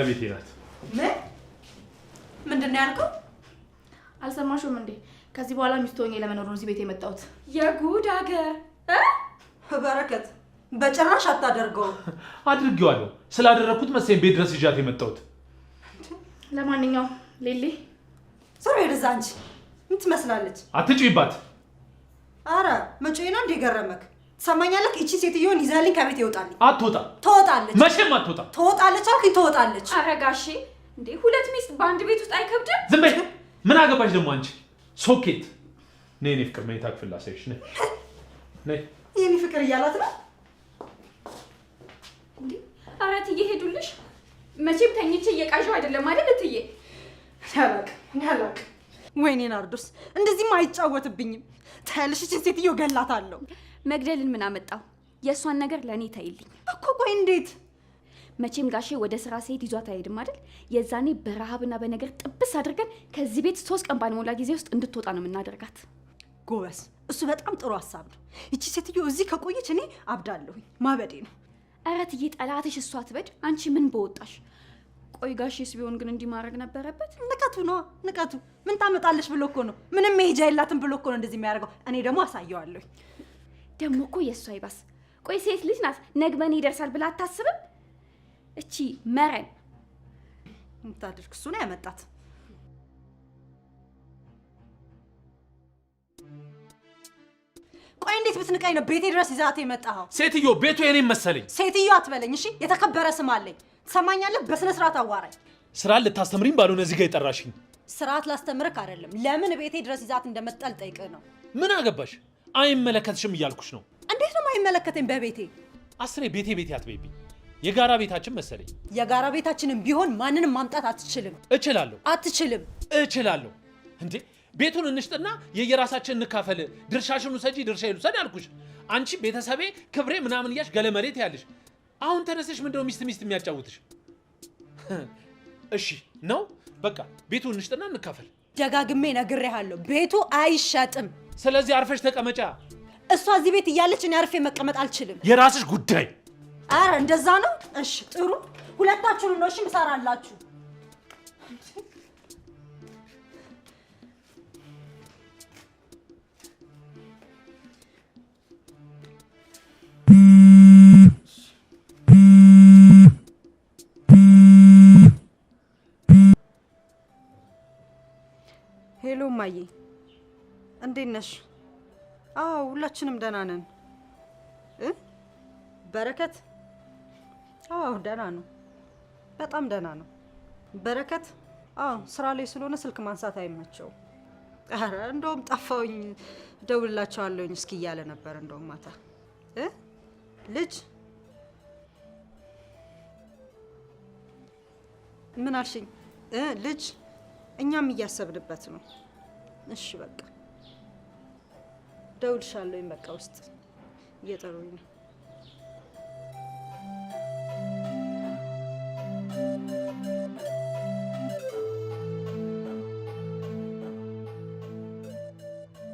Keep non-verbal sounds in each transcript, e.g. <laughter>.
ባለቤት ናት። ምን ምንድን ነው ያልከው? አልሰማሽም እንዴ? ከዚህ በኋላ ሚስት ሆኜ ለመኖር ነው እዚህ ቤት የመጣሁት። የጉድ ሀገር በረከት፣ በጭራሽ አታደርገው። <laughs> አድርጌዋለሁ። ስላደረግኩት መሰለኝ ቤት ድረስ ይዣት የመጣሁት። ለማንኛውም ሌሌ ሰው ሄደዛ፣ እንጂ ምን ትመስላለች? አትጪባት። አረ መጪ ነው እንደ ገረመክ ትሰማኛለህ? እቺ ሴትዮን ይዛልኝ ከቤት ይወጣልኝ። አትወጣ ትወጣለች። መቼም አትወጣ ትወጣለች። አልኩኝ ትወጣለች። ኧረ ጋሼ እንዴ ሁለት ሚስት በአንድ ቤት ውስጥ አይከብድም? ዝም በይ። ምን አገባሽ ደግሞ አንቺ ሶኬት። ነይ እኔ ፍቅር መኝታ ክፍል ላሳይሽ። ነይ ነይ። የኔ ፍቅር እያላት ነው እንዴ? ኧረ እትዬ ሄዱልሽ። መቼም ተኝቼ እየቃዣው አይደለም አይደል እትዬ? ያላቅ ያላቅ ወይኔ ናርዶስ፣ እንደዚህም አይጫወትብኝም። ታያለሽ፣ ይችን ሴትዮ ገላታለሁ። መግደልን ምን አመጣው? የእሷን ነገር ለእኔ ተይልኝ እኮ። ቆይ እንዴት? መቼም ጋሼ ወደ ስራ ሴት ይዟት አይሄድም አይደል? የዛኔ በረሃብና በነገር ጥብስ አድርገን ከዚህ ቤት ሶስት ቀን ባልሞላ ጊዜ ውስጥ እንድትወጣ ነው የምናደርጋት። ጎበስ፣ እሱ በጣም ጥሩ ሀሳብ ነው። ይቺ ሴትዮ እዚህ ከቆየች እኔ አብዳለሁኝ፣ ማበዴ ነው። እረ ትዬ ጠላትሽ እሷ ትበድ፣ አንቺ ምን በወጣሽ። ቆይ ጋሼስ ቢሆን ግን እንዲህ ማድረግ ነበረበት? ንቀቱ ነው ንቀቱ። ምን ታመጣለሽ ብሎ እኮ ነው። ምንም መሄጃ የላትም ብሎ እኮ ነው እንደዚህ የሚያደርገው። እኔ ደግሞ አሳየዋለሁኝ ደግሞ እኮ የእሱ አይባስ። ቆይ ሴት ልጅ ናት፣ ነግበን ይደርሳል ብላ አታስብም? እቺ መረን የምታደርግ እሱ ነው ያመጣት። ቆይ እንዴት ብትንቀኝ ነው ቤቴ ድረስ ይዛት የመጣኸው? ሴትዮ ቤቱ የኔ መሰለኝ። ሴትዮ አትበለኝ እሺ፣ የተከበረ ስም አለኝ። ትሰማኛለህ? በስነ ስርዓት አዋራኝ። ስራ ልታስተምሪኝ ባልሆነ እዚህ ጋር የጠራሽኝ። ስርዓት ላስተምርክ አይደለም፣ ለምን ቤቴ ድረስ ይዛት እንደመጣ ልጠይቅህ ነው። ምን አገባሽ? አይመለከትሽም እያልኩሽ ነው። እንዴት ነው አይመለከተኝ? በቤቴ አስሬ ቤቴ ቤቴ አትበይብኝ። የጋራ ቤታችን መሰለኝ። የጋራ ቤታችንም ቢሆን ማንንም ማምጣት አትችልም። እችላለሁ። አትችልም። እችላለሁ። እንዴ ቤቱን እንሽጥና የየራሳችን እንካፈል፣ ድርሻሽን ውሰጂ፣ ድርሻዬን ውሰድ አልኩሽ። አንቺ ቤተሰቤ ክብሬ ምናምን እያልሽ ገለመሬት ያልሽ፣ አሁን ተነስሽ ምንድነው ሚስት ሚስት የሚያጫውትሽ? እሺ ነው በቃ ቤቱን እንሽጥና እንካፈል። ደጋግሜ ነግሬሃለሁ፣ ቤቱ አይሸጥም። ስለዚህ አርፈሽ ተቀመጫ። እሷ እዚህ ቤት እያለች እኔ አርፌ መቀመጥ አልችልም። የራስሽ ጉዳይ። አረ እንደዛ ነው። እሺ ጥሩ፣ ሁለታችሁን ነው እሺ፣ ምሰራላችሁ ሄሎ ማዬ እንዴት ነሽ? አዎ ሁላችንም ደህና ነን። በረከት? አዎ ደህና ነው፣ በጣም ደህና ነው። በረከት? አዎ ስራ ላይ ስለሆነ ስልክ ማንሳት አይመቸው ኧረ እንደውም ጠፋውኝ ደውልላቸዋለሁኝ እስኪ እያለ ነበር። እንደውም ማታ ልጅ ምን አልሽኝ? ልጅ እኛም እያሰብንበት ነው። እሺ በቃ ደውልሻለሁ። በቃ ውስጥ እየጠሩኝ ነው።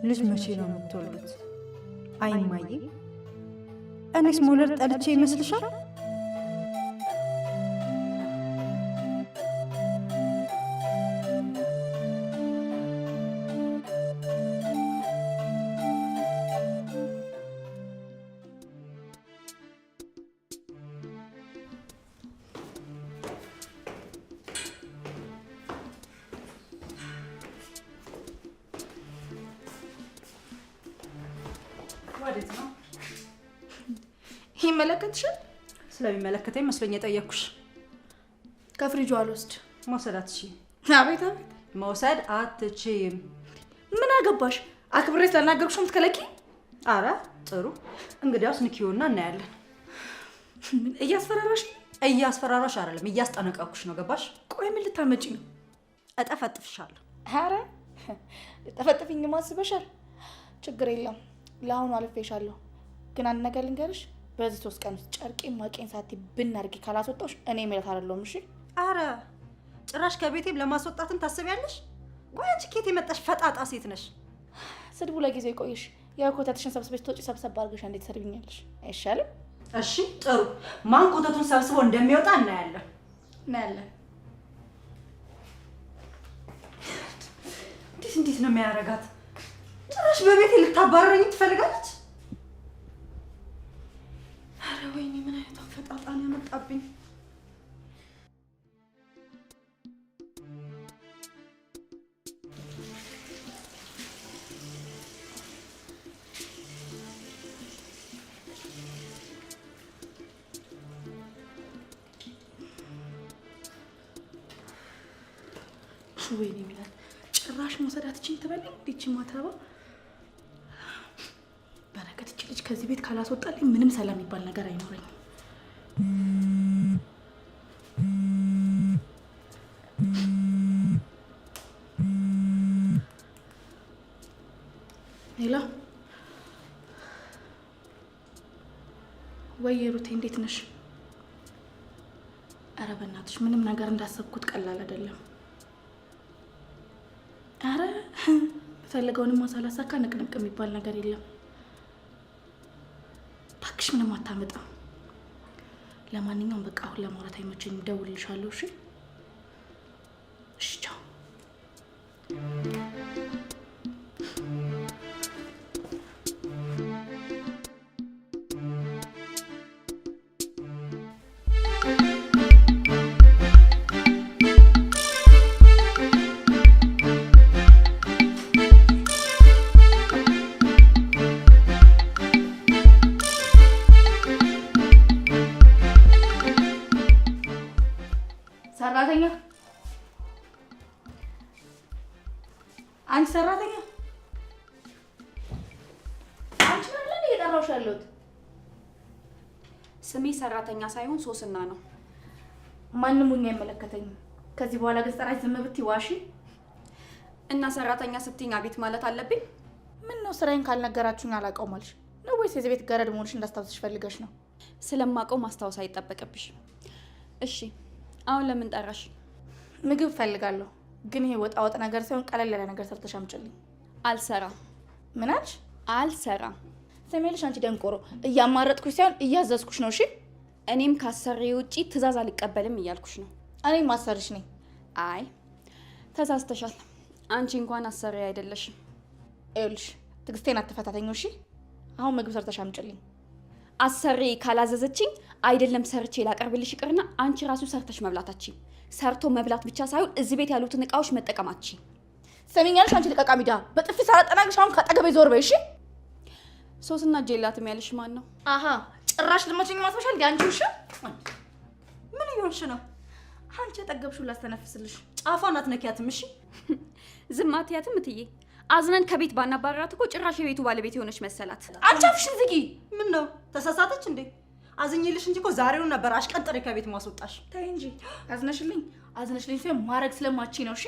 ልጅ መቼ ነው የምትወልዱት? አይማዬ፣ እኔስ መውለድ ጠልቼ ይመስልሻል? ወዴት ነው? ይመለከትሻል። ስለሚመለከተኝ መስሎኝ የጠየኩሽ። ከፍሪጁ አልወስድ። መውሰድ አትችይም። አቤት አቤት፣ መውሰድ አትችይም። ምን አገባሽ? አክብሬ ስላናገርኩሽ ምትከለኪ? አረ ጥሩ። እንግዲያውስ ንኪዮና እናያለን። እያስፈራራሽ እያስፈራራሽ አይደለም፣ እያስጠነቀኩሽ ነው። ገባሽ? ቆይ ምን ልታመጪ ነው? እጠፈጥፍሻለሁ። አረ ጠፈጥፍኝ ማስበሻል። ችግር የለም ለአሁኑ አልፌሻለሁ፣ ግን አንድ ነገር ልንገርሽ፣ በዚህ ሶስት ቀን ውስጥ ጨርቄ ማቄን ሳቲ ብናርጊ ካላስወጣሽ እኔ ሜለት አይደለሁም። እሺ? አረ ጭራሽ ከቤቴም ለማስወጣትም ታስቢያለሽ? ቆይ አንቺ ኬት የመጣሽ ፈጣጣ ሴት ነሽ። ስድቡ ለጊዜ ይቆይሽ። ያው ኮተትሽን ሰብስበሽ ትወጪ ሰብሰብ አድርገሽ እንዴት ትሰድብኛለሽ? አይሻልም? እሺ ጥሩ። ማን ኮተቱን ሰብስቦ እንደሚወጣ እናያለን እናያለን። እንዴት እንዴት ነው የሚያረጋት ጭራሽ በቤቴ ልታባረረኝ ትፈልጋለች። አረ ወይኔ፣ ምን አይነት አፈጣጣን ያመጣብኝ። ወይኔ ይላል ጭራሽ መውሰድ አትችይም ትበለኝ። እንዴ ይቺ ማትረባ ከዚህ ቤት ካላስወጣልኝ ምንም ሰላም የሚባል ነገር አይኖረኝም። ሌላ ወይ ሩቴ፣ እንዴት ነሽ? አረ በእናትሽ ምንም ነገር እንዳሰብኩት ቀላል አይደለም። አረ <laughs> የምፈልገውንም ሳላሳካ ንቅንቅ የሚባል ነገር የለም። ለማንኛውም በቃ አሁን ለማውራት አይመቸኝም፣ ደውልልሻለሁ። እሺ ሰራተኛ ሳይሆን ሶስና ነው። ማንም ኛ አይመለከተኝም። ከዚህ በኋላ ግን ጠራሽ ዝም ብትይ ዋሺ እና ሰራተኛ ስትይኝ አቤት ማለት አለብኝ። ምን ነው ስራዬን ካልነገራችሁኝ አላውቀውም አልሽ ነው ወይስ የዚህ ቤት ገረድ መሆንሽ እንዳስታውስሽ ፈልገሽ ነው? ስለማውቀው ማስታወስ አይጠበቅብሽ። እሺ አሁን ለምን ጠራሽ? ምግብ ፈልጋለሁ፣ ግን ይሄ ወጣ ወጥ ነገር ሳይሆን ቀለል ያለ ነገር ሰርተሽ አምጪልኝ። አልሰራ ምን አልሰራ። አልሰራም። ስሜልሽ አንቺ ደንቆሮ፣ እያማረጥኩሽ ሳይሆን እያዘዝኩሽ ነው። እሺ እኔም ካሰሪ ውጪ ትእዛዝ አልቀበልም እያልኩሽ ነው። እኔም አሰርሽ ነኝ። አይ ተሳስተሻል። አንቺ እንኳን አሰሪ አይደለሽም። ይኸውልሽ ትግስቴን አትፈታተኝ እሺ። አሁን ምግብ ሰርተሽ አምጭልኝ። አሰሪ ካላዘዘችኝ አይደለም ሰርቼ ላቀርብልሽ ይቅርና አንቺ ራሱ ሰርተሽ መብላታች። ሰርቶ መብላት ብቻ ሳይሆን እዚህ ቤት ያሉትን እቃዎች መጠቀማች። ሰሚኛለሽ? አንቺ ልቀቃ በጥፊ ሳላጠናቅሽ አሁን ከአጠገቤ ዞር በይ እሺ። ሶስና እጅ የላትም ማን ነው? አሀ ጭራሽ ልመቸኝ ማትመሻል። አንቺ ውሻ ምን እየሆንሽ ነው? አንቺ የጠገብሽውን ላስተነፍስልሽ ጫፏን አትነኪያትም። እሺ ዝም አትያትም እትዬ። አዝነን ከቤት ባናባረራት እኮ ጭራሽ የቤቱ ባለቤት የሆነች መሰላት። አንቺ አፍሽን ዝጊ። ምን ነው ተሳሳተች እንዴ? አዝኝልሽ እንጂ እኮ ዛሬውን ነበር አሽቀንጥሬ ከቤት ማስወጣሽ። ተይ እንጂ አዝነሽልኝ። አዝነሽልኝ ሲሆን ማድረግ ስለማቺ ነው። እሺ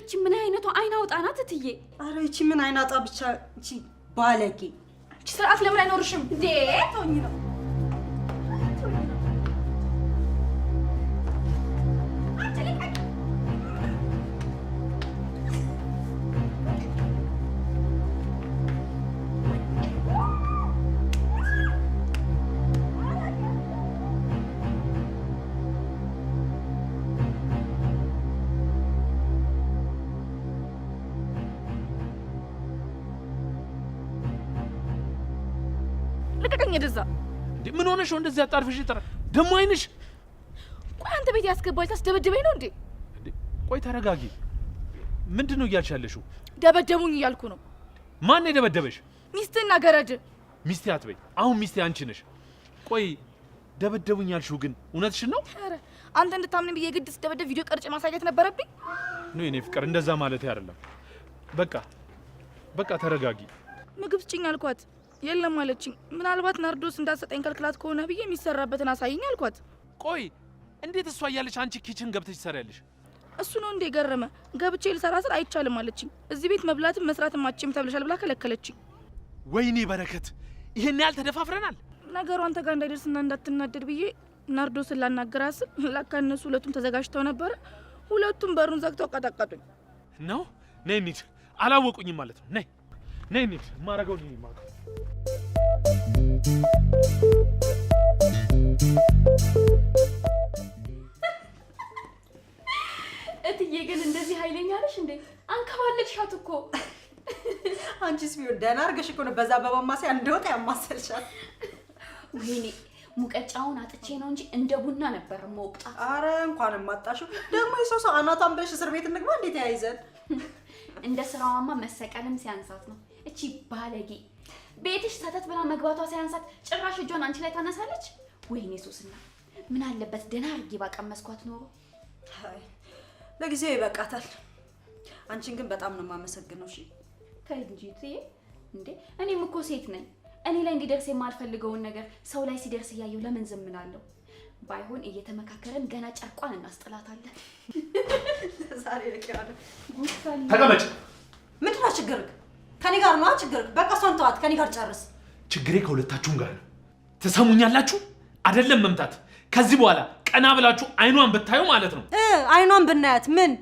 እቺ ምን አይነቱ አይናውጣ ናት እትዬ። አረ እቺ ምን አይናውጣ ብቻ እቺ ባለጌ ስርዓት ለምን አይኖርሽም? እንዴ ተውኝ ነው ልቀቀኝ። ደዛ ምን ሆነሽ ነው እንደዚህ አጣርፍሽ? ይጥራ ደግሞ አይንሽ። ቆይ አንተ ቤት ያስገባኝ ታስደበድበኝ ነው እንዴ? ቆይ ተረጋጊ። ምንድን ነው እያልሽ ያለሽው? ደበደቡኝ እያልኩ ነው። ማን ነው የደበደበሽ? ሚስትህና ገረድ። ሚስቴ አትበይ። አሁን ሚስቴ አንቺ ነሽ። ቆይ ደበደቡኝ ያልሽው ግን እውነትሽን ነው? ኧረ አንተ እንድታምን ብዬ ግድ ስደበደብ ቪዲዮ ቀርጬ ማሳየት ነበረብኝ? ኖ የኔ ፍቅር፣ እንደዛ ማለት አይደለም። በቃ በቃ ተረጋጊ። ምግብ ስጭኝ አልኳት። የለም አለችኝ። ምናልባት ናርዶስ እንዳትሰጠኝ ከልክላት ከሆነ ብዬ የሚሰራበትን አሳይኝ አልኳት። ቆይ እንዴት እሷ እያለች አንቺ ኪችን ገብተሽ ትሰሪያለሽ? እሱ ነው እንዴ ገረመ። ገብቼ ልሰራ ስል አይቻልም አለችኝ። እዚህ ቤት መብላትም መስራትም አችም ተብለሻል ብላ ከለከለችኝ። ወይኔ በረከት፣ ይህን ያህል ተደፋፍረናል። ነገሩ አንተ ጋር እንዳይደርስና እንዳትናደድ ብዬ ናርዶስን ላናገራ ስል ላካ እነሱ ሁለቱም ተዘጋጅተው ነበረ። ሁለቱም በሩን ዘግተው ቀጠቀጡኝ። ነው ነይ እንሂድ። አላወቁኝም ማለት ነው ነይ ነይ እንሂድ። የማደርገውን እኔ የማውቀው እትዬ ግን እንደዚህ ኃይለኛ ነሽ እንዴ? አንከባለልሻት እኮ። አንቺስ ቢሆን ደህና አድርገሽ እኮ ነው በዛ አበባ እንደወጣ ያማሰልሻት። ወይኔ ሙቀጫውን አጥቼ ነው እንጂ እንደ ቡና ነበር መወቅጣ። አረ እንኳን ማጣሽው ደግሞ የሰው ሰው አናቷን ብለሽ እስር ቤት እንግባ እንዴት ያይዘን። እንደ ስራዋማ መሰቀልም ሲያንሳት ነው እቺ ባለጌ ቤትሽ ሰተት ብላ መግባቷ ሳያንሳት ጭራሽ እጇን አንቺ ላይ ታነሳለች። ወይኔ ሶስና ምን አለበት ደህና አድርጌ ባቀመስኳት ኖሮ። አይ ለጊዜው ይበቃታል። አንቺን ግን በጣም ነው የማመሰግነው። እሺ ተይ እንጂ ትዬ። እንዴ እኔም እኮ ሴት ነኝ። እኔ ላይ እንዲደርስ የማልፈልገውን ነገር ሰው ላይ ሲደርስ እያየው ለምን ዝም እላለሁ? ባይሆን እየተመካከረን ገና ጨርቋን እናስጥላታለን። <laughs> ዛሬ ልክ ተቀመጭ። ምንድን ነው ከኔ ጋር ነው ችግር። በቃ እሷን ተዋት፣ ከኔ ጋር ጨርስ። ችግሬ ከሁለታችሁም ጋር ነው። ትሰሙኛላችሁ አይደለም? መምታት ከዚህ በኋላ ቀና ብላችሁ አይኗን ብታዩ ማለት ነው። አይኗን ብናያት ምን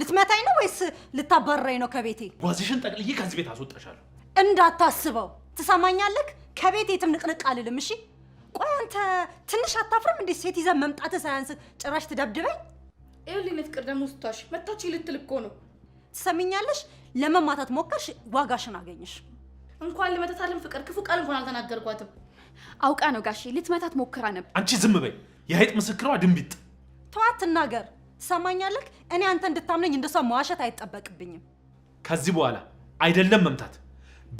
ልትመታኝ ነው ወይስ ልታባረኝ ነው ከቤቴ? ጓዝሽን ጠቅልዬ ከዚህ ቤት አስወጣሻለሁ። እንዳታስበው ትሰማኛለህ? ከቤቴ የትም ንቅንቅ አልልም። እሺ ቆይ አንተ ትንሽ አታፍርም እንዴ? ሴት ይዘን መምጣት ሳያንስ ጭራሽ ትደብድበኝ። ይኸውልኝ ፍቅር ደግሞ ስታሽ መታች ልትል እኮ ነው ትሰሚኛለሽ? ለመማታት ሞከርሽ፣ ዋጋሽን አገኘሽ። እንኳን ልመታት አለም ፍቅር ክፉ ቃል እንኳን አልተናገርኳትም። አውቃ ነው ጋሼ፣ ልትመታት ሞክራ ነበር። አንቺ ዝም በይ፣ የሀይጥ ምስክሯ ድንቢጥ። ተዋት ትናገር። ትሰማኛለህ? እኔ አንተ እንድታምነኝ እንደሷ መዋሸት አይጠበቅብኝም። ከዚህ በኋላ አይደለም መምታት፣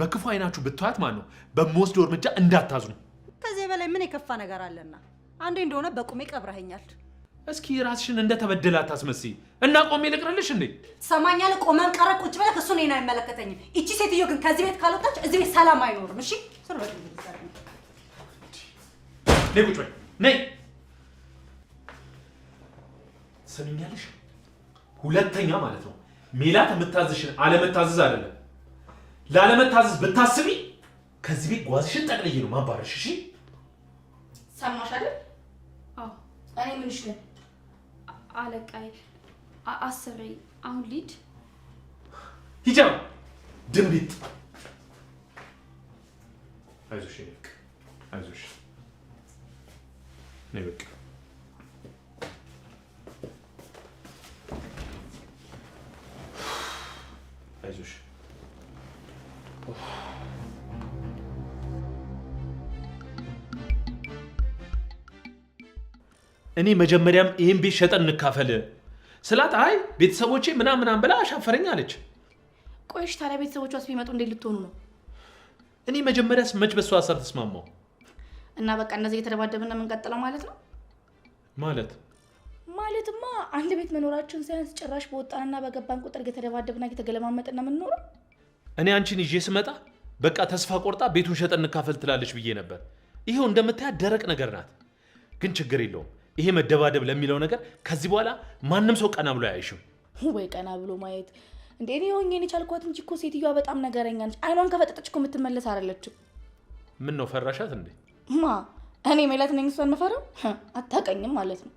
በክፉ አይናችሁ ብትዋት ማን ነው በምወስደው እርምጃ እንዳታዝኑ። ከዚህ በላይ ምን የከፋ ነገር አለና? አንዴ እንደሆነ በቁሜ ቀብረኸኛል። እስኪ ራስሽን እንደተበደለ አታስመሲ እና ቆሜ ልቅርልሽ እንዴ? ሰማኛል። ቆመን ቀረ ቁጭ ብለህ እሱ እኔን አይመለከተኝም። እቺ ሴትዮ ግን ከዚህ ቤት ካልወጣች እዚህ ቤት ሰላም አይኖርም። እሺ ነይ፣ ቁጭ በይ ነይ። ሰሚኛለሽ? ሁለተኛ ማለት ነው ሜላት የምታዝሽን አለመታዘዝ አይደለም። ላለመታዘዝ ብታስቢ ከዚህ ቤት ጓዝሽን ጠቅልዬ ነው ማባረሽ። እሺ ሰማሽ አይደል? አዎ እኔ ምንሽ ነኝ አለቃይ አሰረኝ። አሁን ሊድ ሂጃ ድንቢጥ አይዞሽ፣ አይዞሽ በቃ አይዞሽ እኔ መጀመሪያም ይህን ቤት ሸጠን እንካፈል ስላት፣ አይ ቤተሰቦቼ ምናም ብላ አሻፈረኝ አለች። ቆይሽ ታዲያ ቤተሰቦቿስ ቢመጡ እንዴት ልትሆኑ ነው? እኔ መጀመሪያስ መች በሷ ሀሳብ ተስማማው እና በቃ እነዚህ እየተደባደብን የምንቀጥለው ማለት ነው። ማለት ማለትማ አንድ ቤት መኖራችን ሳያንስ ጭራሽ በወጣንና በገባን ቁጥር እየተደባደብና እየተገለማመጥን ነው የምንኖረው። እኔ አንቺን ይዤ ስመጣ በቃ ተስፋ ቆርጣ ቤቱን ሸጠን እንካፈል ትላለች ብዬ ነበር። ይኸው እንደምታያት ደረቅ ነገር ናት፣ ግን ችግር የለውም ይሄ መደባደብ ለሚለው ነገር ከዚህ በኋላ ማንም ሰው ቀና ብሎ አያይሽም። ወይ ቀና ብሎ ማየት እንዴ! እኔ ሆኜን የቻልኳት እንጂ እኮ ሴትዮዋ በጣም ነገረኛ ነች። አይኗን ከፈጠጠች እኮ የምትመለስ አይደለችም። ምን ነው ፈራሻት እንዴ? ማ እኔ ሜላት ነኝ እሷን መፈረው አታውቀኝም ማለት ነው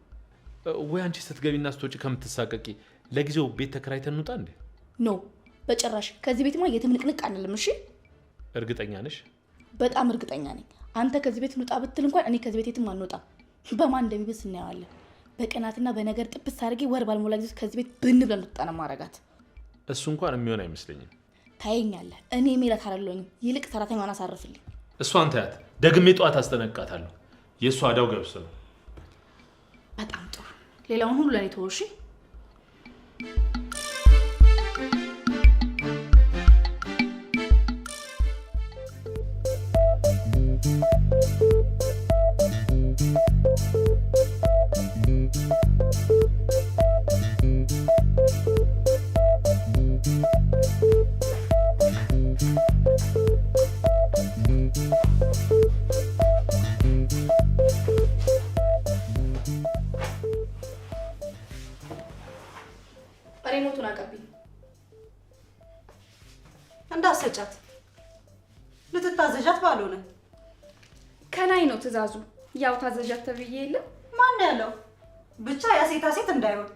ወይ? አንቺ ስትገቢና ስትወጪ ከምትሳቀቂ ለጊዜው ቤት ተከራይተን እንውጣ እንዴ? ኖ በጭራሽ። ከዚህ ቤትማ የትም ንቅንቅ አንልም። እሺ እርግጠኛ ነሽ? በጣም እርግጠኛ ነኝ። አንተ ከዚህ ቤት እንውጣ ብትል እንኳን እኔ ከዚህ ቤት የትም አንወጣም። በማን እንደሚብስ እናየዋለን። በቅናትና በነገር ጥብስ አድርጌ ወር ባልሞላ ጊዜ ከዚህ ቤት ብን ብለን ልትጣነ ማረጋት እሱ እንኳን የሚሆን አይመስለኝም። ታየኛለህ፣ እኔ ሜላት አላለኝም። ይልቅ ሰራተኛ አሳርፍልኝ። እሷን ታያት፣ ደግሜ ጠዋት አስጠነቅቃታለሁ። የእሷ አዳው ገብስ ነው። በጣም ጥሩ። ሌላውን ሁሉ ለእኔ ተወው እሺ። ሽንቱን አቀብኝ። እንዳሰጫት ልትታዘዣት ባልሆነ ከላይ ነው ትዕዛዙ። ያው ታዘዣት ተብዬ የለም ማን ያለው ብቻ ያሴታ ሴት እንዳይሆን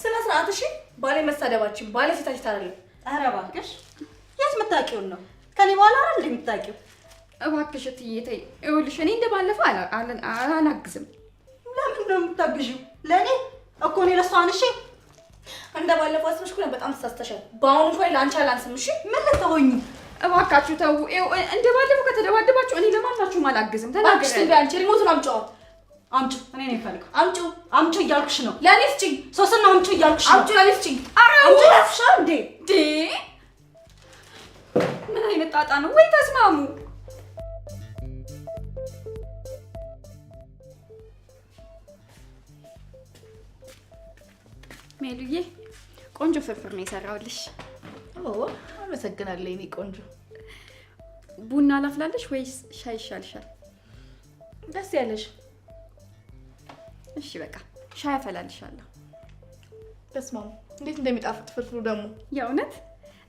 ስነ ስርዓት። እሺ ባሌ መሳደባችን ባሌ ሴታ ሴት አይደለም። ኧረ እባክሽ የት የምታውቂውን ነው? ከኔ በኋላ አይደል እንደ የምታውቂው። እባክሽ እትዬ ተይ። ይኸውልሽ እኔ እንደ ባለፈው አላግዝም። ለምን ነው የምታግዥው? ለእኔ እኮ እኔ ለእሷ አንሼ እንደ ባለፈው አስበሽ እኮ በጣም ተሳስተሻል። በአሁኑ እንኳን ለአንቺ አላንስም። እሺ ምን ልትሆኚ? እባካችሁ ተው። እንደ ባለፈው ከተደባደባችሁ እኔ ለማናችሁም አላግዝም። ተናግረሽ እንደ አንቺ ሪሞቱን አምጪው አምጪው። እኔ ነኝ ፈልግ አምጪው አምጪው እያልኩሽ ነው። ለእኔ ስጪኝ። ሶስና አምጪው እያልኩሽ ነው። አምጪው ለእኔ ስጪኝ። ኧረ አምጪው ለፍሻል እንዴ ዴ ምን አይነት ጣጣ ነው? ወይ ተስማሙ። ሜሉዬ ቆንጆ ፍርፍር ነው የሰራውልሽ። አመሰግናለሁ የእኔ ቆንጆ። ቡና ላፍላለሽ ወይስ ሻይ ይሻልሻል? ደስ ያለሽ። እሺ በቃ ሻይ አፈላልሻለሁ። በስመ አብ እንዴት እንደሚጣፍጥ ፍርፍሩ ደግሞ የእውነት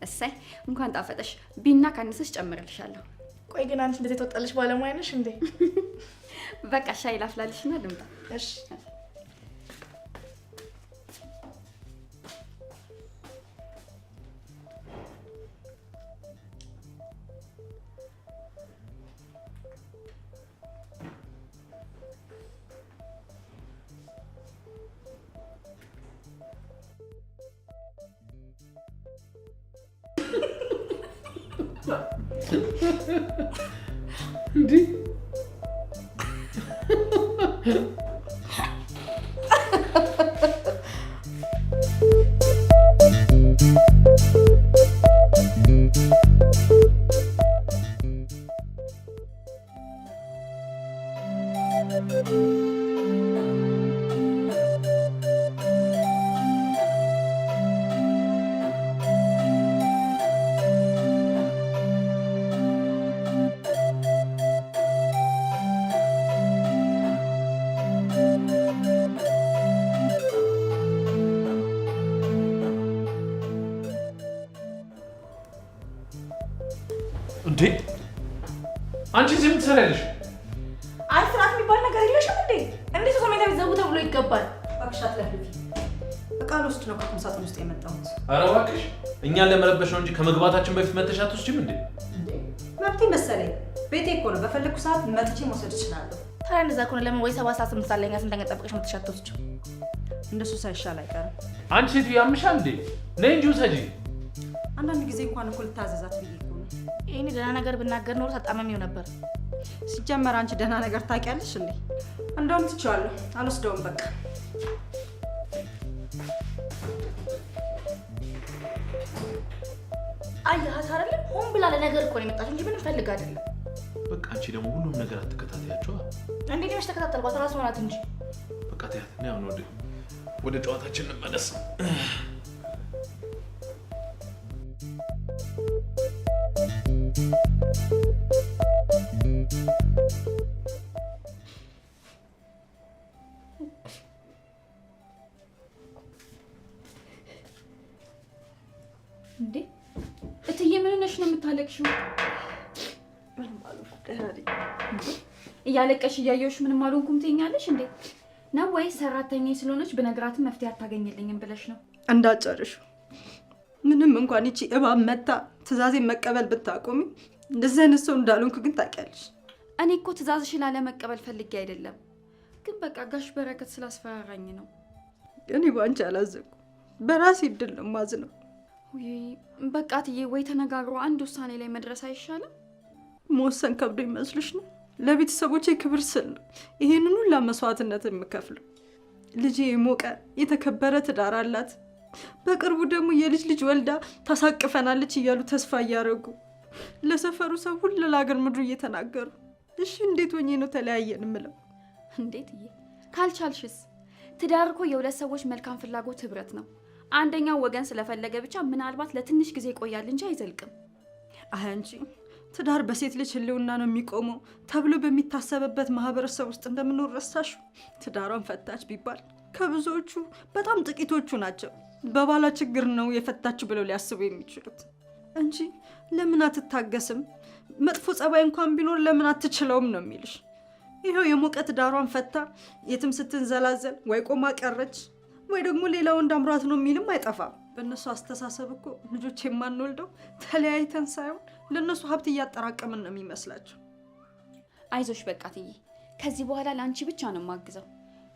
እሳይ። እንኳን ጣፈጠሽ። ቢና ካነሰሽ ጨምርልሻለሁ። ቆይ ግን አንቺ እንደዚህ የተወጣልሽ ባለሙያ ነሽ እንዴ? <laughs> በቃ ሻይ ላፍላልሽና ልምጣ። እሺ <laughs> <laughs> Değil እንዴ አንቺ ዝም ምን ትሰሪያለሽ? አይ ስርዓት የሚባል ነገር የለሽም እንዴ? እንዴት ሰው ቤት ዘቡ ተብሎ ይገባል? እባክሽ አትለፍልፊ። እቃ ውስጥ ነው ከቁም ሳጥን ውስጥ የመጣሁት። ኧረ እባክሽ እኛን ለመረበሽ ነው እንጂ ከመግባታችን በፊት መተሽ አትወስጂም እንዴ? መብቴ መሰለኝ። ቤቴ እኮ ነው፣ በፈለግኩ ሰዓት መጥቼ መውሰድ እችላለሁ። ታዲያ እንደዛ ከሆነ ለምን ወይ ሰባት ሰዓት ስምንት ሰዓት ላይ እኛ ስንተኛ ጠብቀሽ መተሽ አትወስጂም? እንደሱ ሳይሻል አይቀርም። አንቺ ሴትዮ ያምሻል እንዴ? ነይ እንጂ ውሰጂ። አንዳንድ ጊዜ እንኳን እኮ ልታዘዛት ብዬ ይህኔ ደህና ነገር ብናገር ኖሮ ተጣመሚው ነበር። ሲጀመር አንቺ ደህና ነገር ታውቂያለሽ እንዴ? እንደውም ትችዋለሁ፣ አልወስደውም በቃ አያት አይደለም፣ ሆን ብላ ለነገር እኮ ነው የመጣችው እንጂ ምንም ፈልግ አይደለም። በቃ አንቺ ደግሞ ሁሉም ነገር አትከታተያቸዋ። እንዴት ነሽ? ተከታተልኳት፣ ራስ ሆናት እንጂ በቃ ተያት። ነው። ወደ ጨዋታችን እንመለስ። እንዴ እትዬ ምን ሆነሽ ነው የምታለቅሽው? እያለቀሽ እያየሁሽ ምንም አልሆንኩም ትይኛለሽ እንዴ? ነው ወይስ ሰራተኛ ስለሆነች ብነግራትም መፍትሄ አታገኝልኝም ብለሽ ነው? እንዳጨርሹ ምንም እንኳን ይቺ እባብ መታ ትእዛዜን መቀበል ብታቆሚ እንደዚህ አይነት ሰው እንዳልሆንኩ ግን ታውቂያለሽ። እኔ እኮ ትእዛዝሽን ላለመቀበል ፈልጌ አይደለም፣ ግን በቃ ጋሽ በረከት ስላስፈራራኝ ነው። እኔ ባንቺ አላዘንኩ፣ በራሴ እድል ነው ነው። በቃ ትዬ፣ ወይ ተነጋግሮ አንድ ውሳኔ ላይ መድረስ አይሻልም? መወሰን ከብዶ ይመስልሽ ነው? ለቤተሰቦቼ ክብር ስል ነው ይሄንን ሁላ መስዋዕትነት የምከፍለው። ልጄ የሞቀ የተከበረ ትዳር አላት። በቅርቡ ደግሞ የልጅ ልጅ ወልዳ ታሳቅፈናለች እያሉ ተስፋ እያደረጉ ለሰፈሩ ሰው ሁሉ ለአገር ምድሩ እየተናገሩ እሺ እንዴት ሆኜ ነው ተለያየን ምለው? እንዴት እየ ካልቻልሽስ? ትዳር እኮ የሁለት ሰዎች መልካም ፍላጎት ህብረት ነው። አንደኛው ወገን ስለፈለገ ብቻ ምናልባት ለትንሽ ጊዜ ይቆያል እንጂ አይዘልቅም። አይ አንቺ ትዳር በሴት ልጅ ህልውና ነው የሚቆመው ተብሎ በሚታሰብበት ማህበረሰብ ውስጥ እንደምኖር ረሳሹ። ትዳሯን ፈታች ቢባል ከብዙዎቹ በጣም ጥቂቶቹ ናቸው በባሏ ችግር ነው የፈታችሁ ብለው ሊያስቡ የሚችሉት እንጂ ለምን አትታገስም፣ መጥፎ ጸባይ እንኳን ቢኖር ለምን አትችለውም ነው የሚልሽ። ይኸው የሙቀት ዳሯን ፈታ የትም ስትንዘላዘል ወይ ቆማ ቀረች፣ ወይ ደግሞ ሌላ ወንድ አምሯት ነው የሚልም አይጠፋም። በእነሱ አስተሳሰብ እኮ ልጆች የማንወልደው ተለያይተን ሳይሆን ለእነሱ ሀብት እያጠራቀምን ነው የሚመስላቸው። አይዞሽ በቃ ትዬ፣ ከዚህ በኋላ ለአንቺ ብቻ ነው የማግዘው።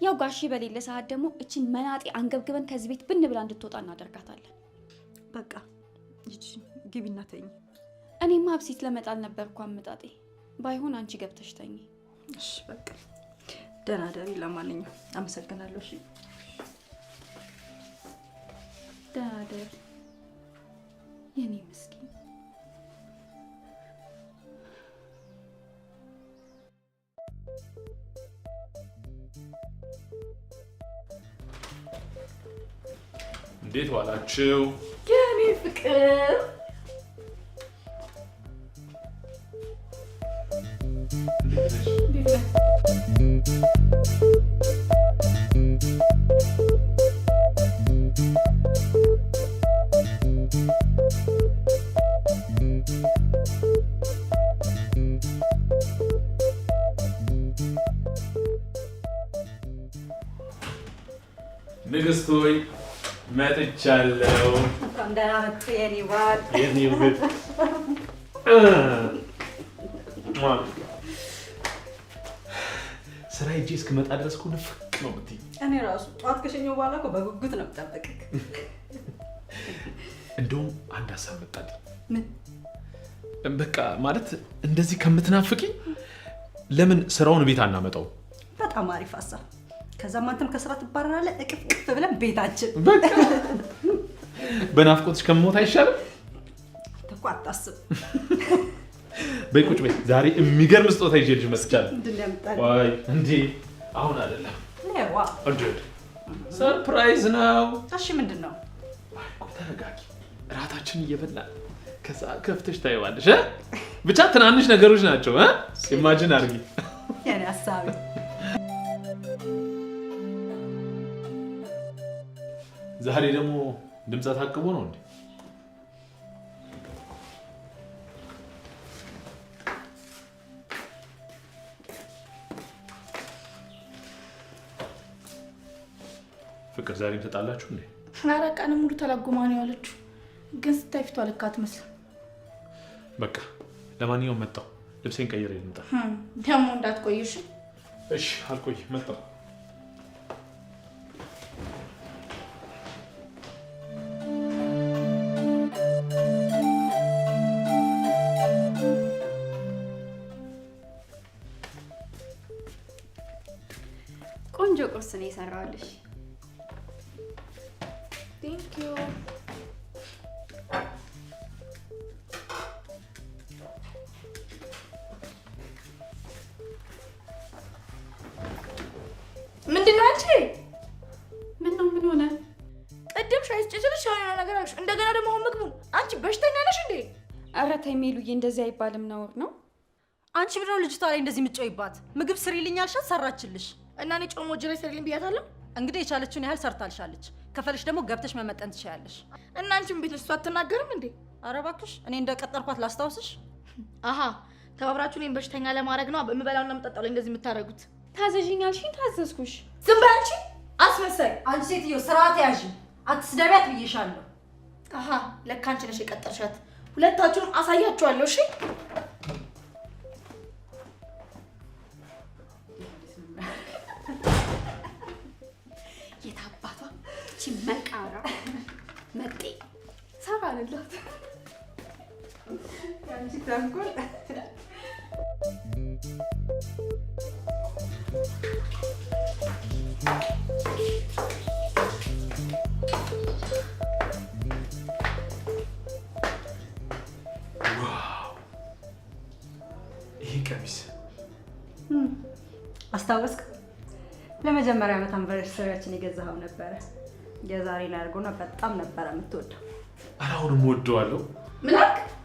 ያው ጋሺ በሌለ ሰዓት ደግሞ እችን መናጤ አንገብግበን ከዚህ ቤት ብን ብላ እንድትወጣ እናደርጋታለን። በቃ ግቢና ተኝ። እኔማ አብሲት ለመጣል ነበርኩ አመጣጤ። ባይሆን አንቺ ገብተሽ ተኝ። እሺ በቃ ደህና ደሪ። አመሰግናለሁ። እሺ ደህና ደሪ የኔ ምስኪን Dit was dat chill. Kan niet verkeer. Niggas story. መጥቻለሁ። <laughs> ስራ ሂጅ እስክመጣ ድረስ እኮ ንፍቅ ነው እኔ ጠዋት በኋላ እኮ በጉጉት ነው እንደውም አንድ ሀሳብ መጣልኝ። ምን? በቃ ማለት እንደዚህ ከምትናፍቂ ለምን ስራውን ቤት አናመጣው? በጣም አሪፍ ሀሳብ ከዛም አንተም ከስራ ትባረራለህ። እቅፍ ቅፍ ብለን ቤታችን በናፍቆትሽ ከመሞት አይሻልም እኮ አታስብ። በይ ቁጭ በይ። ዛሬ የሚገርም ስጦታ ይዤልሽ መጥቻለሁ። እንዴ አሁን አይደለም ሰርፕራይዝ ነው። እሺ ምንድን ነው? ተረጋጊ። እራታችን እየበላን ከዛ ከፍተሽ ታይዋለሽ። ብቻ ትናንሽ ነገሮች ናቸው። ኢማጂን አድርጊ። ዛሬ ደግሞ ድምፅ ታቅቦ ነው እንዴ? ፍቅር ዛሬም ተጣላችሁ እንዴ? አራት ቀን ሙሉ ተላጉማ ነው ያለችው፣ ግን ስታይ ፊቷ ልክ አትመስልም። በቃ ለማንኛውም መጣሁ፣ ልብሴን ቀይሬ ልምጣ። ደግሞ እንዳትቆይሽ። እሺ፣ አልቆይ፣ መጣሁ። ሄሉዬ፣ እንደዚህ አይባልም ነውር ነው። አንቺ ብለው ልጅቷ ላይ እንደዚህ ምጮይባት። ምግብ ስሪልኝ አልሻት ሰራችልሽ። እና እኔ ጮሞ ጅሬ ስሪልኝ ብያታለሁ። እንግዲህ የቻለችውን ያህል ሰርታልሻለች። ከፈለሽ ደግሞ ገብተሽ መመጠን ትችያለሽ። እና አንቺም ቤት እሷ አትናገርም እንዴ? ኧረ እባክሽ፣ እኔ እንደቀጠርኳት ላስታውስሽ። አሀ ተባብራችሁ እኔን በሽተኛ ለማድረግ ነው የምበላውና የምጠጣው ላይ እንደዚህ የምታደርጉት። ታዘዥኛል? አልሽኝ፣ ታዘዝኩሽ። ዝም በይ አንቺ አስመሳይ! አንቺ ሴትዮ ስርዓት ያዥ፣ አትስደቢያት ብዬሻለሁ። አሀ ለካ አንቺ ነሽ የቀጠርሻት ሁለታችሁን አሳያችኋለሁ። እሺ የታባቷ መልቃራ መጤ ሰራ አለላት ያንቺ አስታወስክ? ለመጀመሪያ ዓመት አንቨርሰሪያችን የገዛኸው ነበረ። የዛሬ ላርጎና በጣም ነበረ የምትወደው። አሁንም ወደዋለሁ። ምን አልክ?